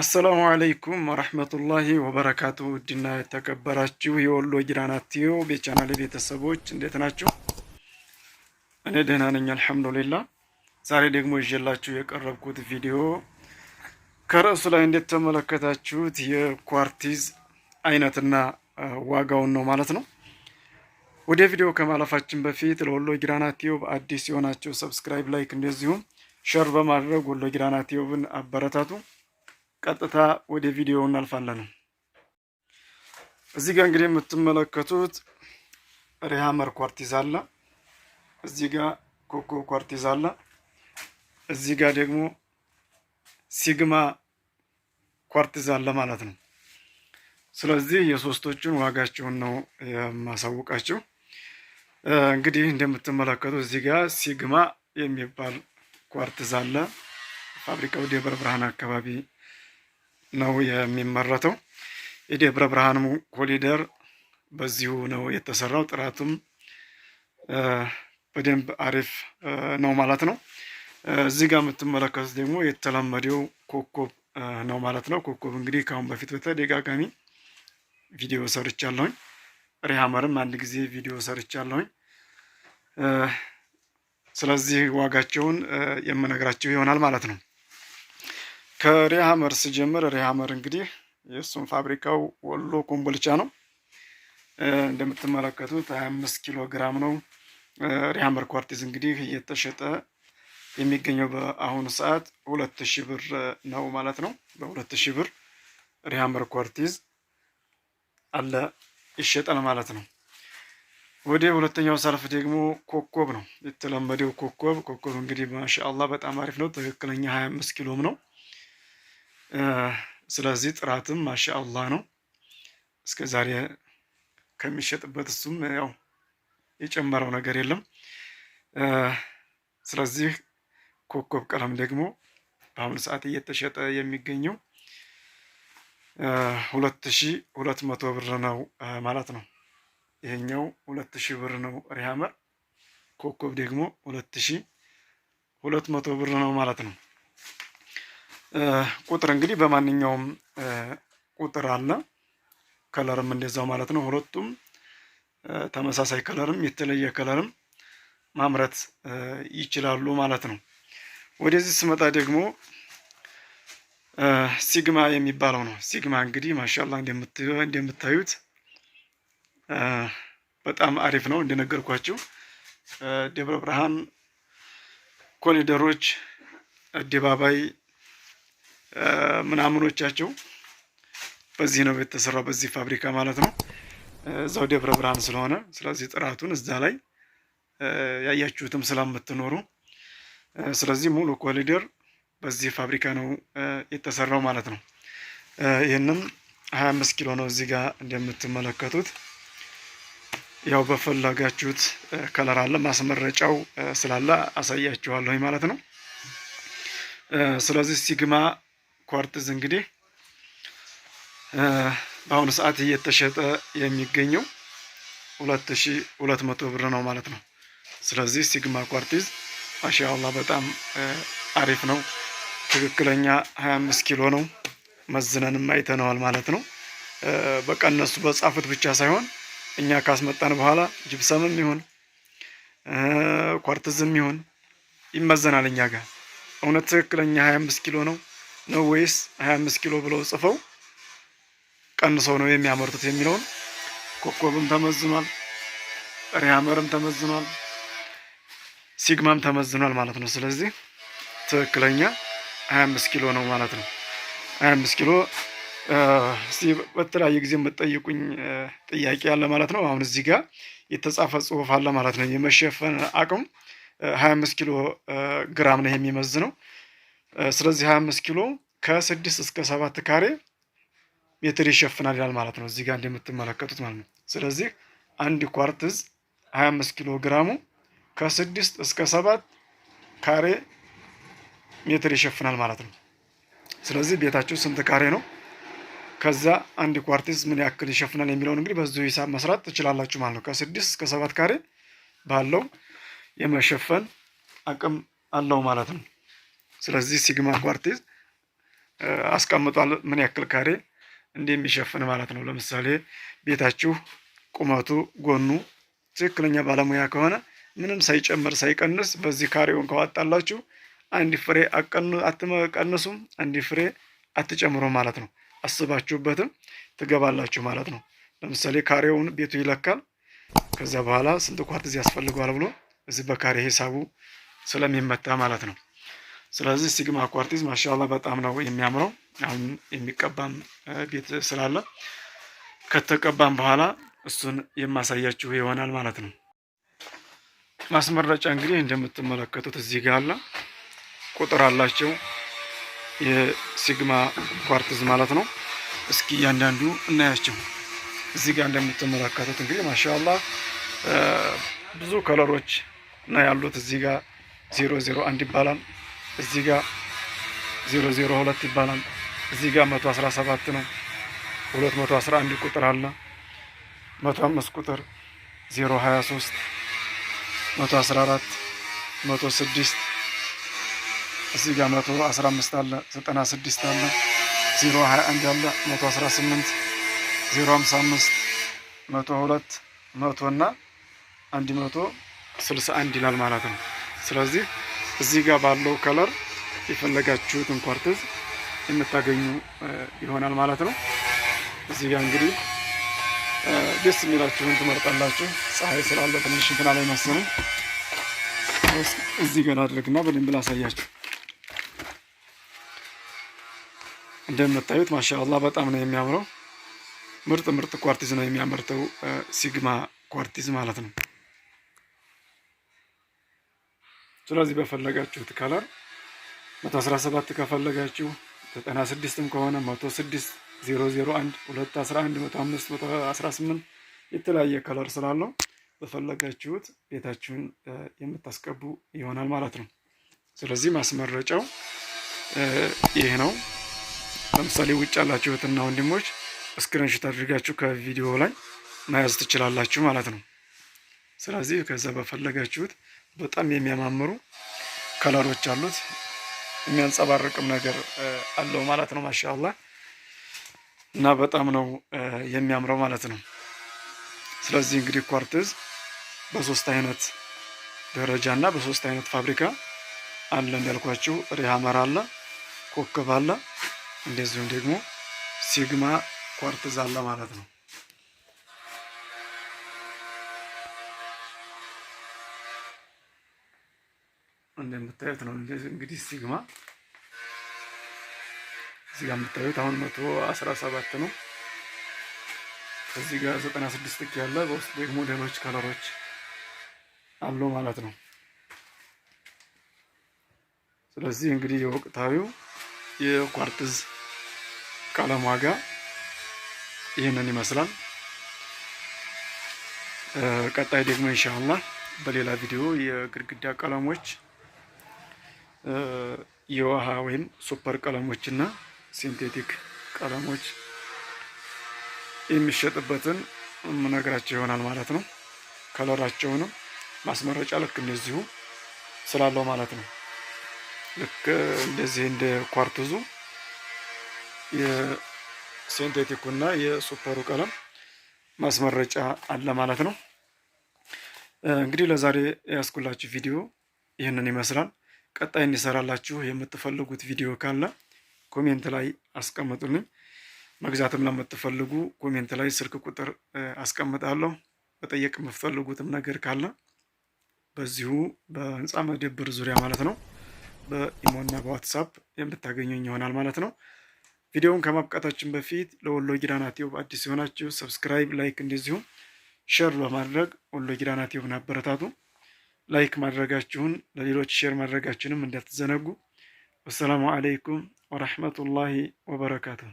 አሰላሙ አለይኩም ወረህመቱላሂ ወበረካቱ። ውድና የተከበራችሁ የወሎ ጊራናትዮ የቻናል ቤተሰቦች እንዴት ናችሁ? እኔ ደህና ነኝ አልሐምዱሊላ። ዛሬ ደግሞ ይዤላችሁ የቀረብኩት ቪዲዮ ከርዕሱ ላይ እንዴት ተመለከታችሁት የኳርቲዝ አይነትና ዋጋውን ነው ማለት ነው። ወደ ቪዲዮ ከማለፋችን በፊት ለወሎ ጊራናትዮ አዲስ የሆናቸው ሰብስክራይብ፣ ላይክ እንደዚሁም ሸር በማድረግ ወሎ ጊራናትዮብን አበረታቱ። ቀጥታ ወደ ቪዲዮ እናልፋለን። እዚህ ጋር እንግዲህ የምትመለከቱት ሪሃመር ኳርቲዝ አለ። እዚህ ጋር ኮኮ ኳርቲዝ አለ። እዚህ ጋር ደግሞ ሲግማ ኳርቲዝ አለ ማለት ነው። ስለዚህ የሶስቶቹን ዋጋቸውን ነው የማሳውቃቸው። እንግዲህ እንደምትመለከቱት እዚህ ጋር ሲግማ የሚባል ኳርቲዝ አለ። ፋብሪካው ደብረ ብርሃን አካባቢ ነው የሚመረተው። የደብረ ብርሃን ኮሊደር በዚሁ ነው የተሰራው። ጥራቱም በደንብ አሪፍ ነው ማለት ነው። እዚህ ጋር የምትመለከቱት ደግሞ የተለመደው ኮከብ ነው ማለት ነው። ኮከብ እንግዲህ ከአሁን በፊት በተደጋጋሚ ቪዲዮ ሰርቻለሁኝ። ሪሃመርም አንድ ጊዜ ቪዲዮ ሰርቻለሁኝ። ስለዚህ ዋጋቸውን የምነግራቸው ይሆናል ማለት ነው። ከሪሃመር ስጀምር ሪሃመር እንግዲህ የእሱም ፋብሪካው ወሎ ኮምቦልቻ ነው። እንደምትመለከቱት 25 ኪሎ ግራም ነው። ሪሃመር ኳርቲዝ እንግዲህ እየተሸጠ የሚገኘው በአሁኑ ሰዓት ሁለት ብር ነው ማለት ነው። በሁለት ሺህ ብር ሪሃመር ኳርቲዝ አለ ይሸጣል ማለት ነው። ወደ ሁለተኛው ሰልፍ ደግሞ ኮኮብ ነው የተለመደው። ኮኮብ ኮኮብ እንግዲህ ማሻአላህ በጣም አሪፍ ነው። ትክክለኛ 25 ኪሎም ነው ስለዚህ ጥራትም ማሻአላህ ነው። እስከ ዛሬ ከሚሸጥበት እሱም ያው የጨመረው ነገር የለም። ስለዚህ ኮከብ ቀለም ደግሞ በአሁኑ ሰዓት እየተሸጠ የሚገኘው ሁለት ሺ ሁለት መቶ ብር ነው ማለት ነው። ይሄኛው ሁለት ሺ ብር ነው ሪሃመር ኮከብ ደግሞ ሁለት ሺ ሁለት መቶ ብር ነው ማለት ነው። ቁጥር እንግዲህ በማንኛውም ቁጥር አለ። ከለርም እንደዛው ማለት ነው። ሁለቱም ተመሳሳይ ከለርም የተለየ ከለርም ማምረት ይችላሉ ማለት ነው። ወደዚህ ስመጣ ደግሞ ሲግማ የሚባለው ነው። ሲግማ እንግዲህ ማሻላ እንደምታዩት በጣም አሪፍ ነው። እንደነገርኳቸው ደብረ ብርሃን ኮሪደሮች አደባባይ ምናምኖቻቸው በዚህ ነው የተሰራው፣ በዚህ ፋብሪካ ማለት ነው። እዛው ደብረ ብርሃን ስለሆነ ስለዚህ ጥራቱን እዛ ላይ ያያችሁትም ስለምትኖሩ ስለዚህ ሙሉ ኮሊደር በዚህ ፋብሪካ ነው የተሰራው ማለት ነው። ይህንም ሀያ አምስት ኪሎ ነው እዚህ ጋር እንደምትመለከቱት ያው በፈለጋችሁት ከለር አለ። ማስመረጫው ስላለ አሳያችኋለሁኝ ማለት ነው። ስለዚህ ሲግማ ኳርትዝ እንግዲህ በአሁኑ ሰዓት እየተሸጠ የሚገኘው ሁለት ሺ ሁለት መቶ ብር ነው ማለት ነው። ስለዚህ ሲግማ ኳርቲዝ ማሻአላህ በጣም አሪፍ ነው። ትክክለኛ 25 ኪሎ ነው። መዝነንም አይተነዋል ማለት ነው። በቃ እነሱ በጻፉት ብቻ ሳይሆን እኛ ካስመጣን በኋላ ጅብሰምም ይሁን ኳርትዝም ይሁን ይመዘናል እኛ ጋር እውነት ትክክለኛ 25 ኪሎ ነው። ነው ወይስ 25 ኪሎ ብለው ጽፈው ቀንሰው ነው የሚያመርቱት የሚለውን ኮከብም ተመዝኗል፣ ሪያመርም ተመዝኗል፣ ሲግማም ተመዝኗል ማለት ነው። ስለዚህ ትክክለኛ 25 ኪሎ ነው ማለት ነው። 25 ኪሎ በተለያየ ጊዜ የምጠይቁኝ ጥያቄ አለ ማለት ነው። አሁን እዚህ ጋር የተጻፈ ጽሁፍ አለ ማለት ነው። የመሸፈን አቅም 25 ኪሎ ግራም ነው የሚመዝነው። ስለዚህ 25 ኪሎ ከ6 እስከ 7 ካሬ ሜትር ይሸፍናል ይላል ማለት ነው። እዚህ ጋር እንደምትመለከቱት ማለት ነው። ስለዚህ አንድ ኳርትዝ 25 ኪሎ ግራሙ ከ6 እስከ 7 ካሬ ሜትር ይሸፍናል ማለት ነው። ስለዚህ ቤታችሁ ስንት ካሬ ነው ከዛ አንድ ኳርቲዝ ምን ያክል ይሸፍናል የሚለውን እንግዲህ በዚሁ ሂሳብ መስራት ትችላላችሁ ማለት ነው። ከ ከስድስት እስከ ሰባት ካሬ ባለው የመሸፈን አቅም አለው ማለት ነው። ስለዚህ ሲግማ ኳርቲዝ አስቀምጧል ምን ያክል ካሬ እንደሚሸፍን ማለት ነው። ለምሳሌ ቤታችሁ ቁመቱ ጎኑ ትክክለኛ ባለሙያ ከሆነ ምንም ሳይጨምር ሳይቀንስ በዚህ ካሬውን ከዋጣላችሁ አንድ ፍሬ አትቀንሱም፣ አንድ ፍሬ አትጨምሮ ማለት ነው። አስባችሁበትም ትገባላችሁ ማለት ነው። ለምሳሌ ካሬውን ቤቱ ይለካል። ከዚያ በኋላ ስንት ኳርቲዝ ያስፈልገዋል ብሎ እዚህ በካሬ ሂሳቡ ስለሚመታ ማለት ነው። ስለዚህ ሲግማ ኳርቲዝ ማሻላ በጣም ነው የሚያምረው። አሁን የሚቀባም ቤት ስላለ ከተቀባም በኋላ እሱን የማሳያችሁ ይሆናል ማለት ነው። ማስመረጫ እንግዲህ እንደምትመለከቱት እዚህ ጋር አለ። ቁጥር አላቸው የሲግማ ኳርቲዝ ማለት ነው። እስኪ እያንዳንዱ እናያቸው። እዚህ ጋር እንደምትመለከቱት እንግዲህ ማሻላ ብዙ ከለሮች ነው ያሉት። እዚህ ጋር ዜሮ ዜሮ አንድ ይባላል። እዚህ ጋር ዜሮ ዜሮ ሁለት ይባላል። እዚህ ጋር መቶ አስራ ሰባት ነው። ሁለት መቶ አስራ አንድ ቁጥር አለ። መቶ አምስት ቁጥር ዜሮ ሀያ ሶስት መቶ አስራ አራት መቶ ስድስት እዚህ ጋር መቶ አስራ አምስት አለ። ዘጠና ስድስት አለ። ዜሮ ሀያ አንድ አለ። መቶ አስራ ስምንት ዜሮ ሀምሳ አምስት መቶ ሁለት መቶ እና አንድ መቶ ስልሳ አንድ ይላል ማለት ነው። ስለዚህ እዚህ ጋር ባለው ከለር የፈለጋችሁትን ኳርትዝ የምታገኙ ይሆናል ማለት ነው። እዚህ ጋር እንግዲህ ደስ የሚላችሁን ትመርጣላችሁ። ፀሐይ ስላለ ትንሽ እንትና ላይ መሰለኝ እዚህ ጋር አድርግና በደንብ ላሳያችሁ። እንደምታዩት ማሻአላ በጣም ነው የሚያምረው። ምርጥ ምርጥ ኳርቲዝ ነው የሚያመርተው ሲግማ ኳርቲዝ ማለት ነው። ስለዚህ በፈለጋችሁት ከለር 117 ከፈለጋችሁ 96ም ከሆነ 106 001 211 105 118 የተለያየ ከለር ስላለው በፈለጋችሁት ቤታችሁን የምታስቀቡ ይሆናል ማለት ነው። ስለዚህ ማስመረጫው ይህ ነው። ለምሳሌ ውጭ ያላችሁትና ወንድሞች ስክሪንሾት አድርጋችሁ ከቪዲዮ ላይ መያዝ ትችላላችሁ ማለት ነው። ስለዚህ ከዛ በፈለጋችሁት በጣም የሚያማምሩ ከለሮች አሉት። የሚያንጸባርቅም ነገር አለው ማለት ነው። ማሻአላ እና በጣም ነው የሚያምረው ማለት ነው። ስለዚህ እንግዲህ ኳርትዝ በሶስት አይነት ደረጃ እና በሶስት አይነት ፋብሪካ አለ እንዳልኳችሁ ሪሃመር አለ፣ ኮከብ አለ፣ እንደዚሁም ደግሞ ሲግማ ኳርትዝ አለ ማለት ነው። እንደምታዩት ነው። እንግዲህ ሲግማ እዚህ ጋር የምታዩት አሁን መቶ አስራ ሰባት ነው። እዚህ ጋር ዘጠና ስድስት ጥቅ ያለ በውስጥ ደግሞ ሌሎች ከለሮች አሉ ማለት ነው። ስለዚህ እንግዲህ የወቅታዊው የኳርትዝ ቀለም ዋጋ ይህንን ይመስላል። ቀጣይ ደግሞ ኢንሻአላህ በሌላ ቪዲዮ የግድግዳ ቀለሞች የውሃ ወይም ሱፐር እና ሲንቴቲክ ቀለሞች የሚሸጥበትን የምነግራቸው ይሆናል ማለት ነው። ከለራቸውንም ማስመረጫ ልክ እንደዚሁ ስላለው ማለት ነው። ልክ እንደዚህ እንደ ኳርትዙ የሲንቴቲኩና የሱፐሩ ቀለም ማስመረጫ አለ ማለት ነው። እንግዲህ ለዛሬ ያስኩላችሁ ቪዲዮ ይህንን ይመስላል። ቀጣይ እንዲሰራላችሁ የምትፈልጉት ቪዲዮ ካለ ኮሜንት ላይ አስቀምጡልኝ። መግዛትም ለምትፈልጉ ኮሜንት ላይ ስልክ ቁጥር አስቀምጣለሁ። መጠየቅ የምትፈልጉትም ነገር ካለ በዚሁ በህንፃ መደብር ዙሪያ ማለት ነው በኢሞና በዋትሳፕ የምታገኙኝ ይሆናል ማለት ነው። ቪዲዮውን ከማብቃታችን በፊት ለወሎ ጊዳና ቲዩብ አዲስ የሆናችሁ ሰብስክራይብ፣ ላይክ እንደዚሁም ሸር በማድረግ ወሎ ጊዳና ቲዩብን አበረታቱ። ላይክ ማድረጋችሁን ለሌሎች ሼር ማድረጋችሁንም እንዳትዘነጉ። ወሰላሙ አለይኩም ወረሕመቱላሂ ወበረካቱሁ።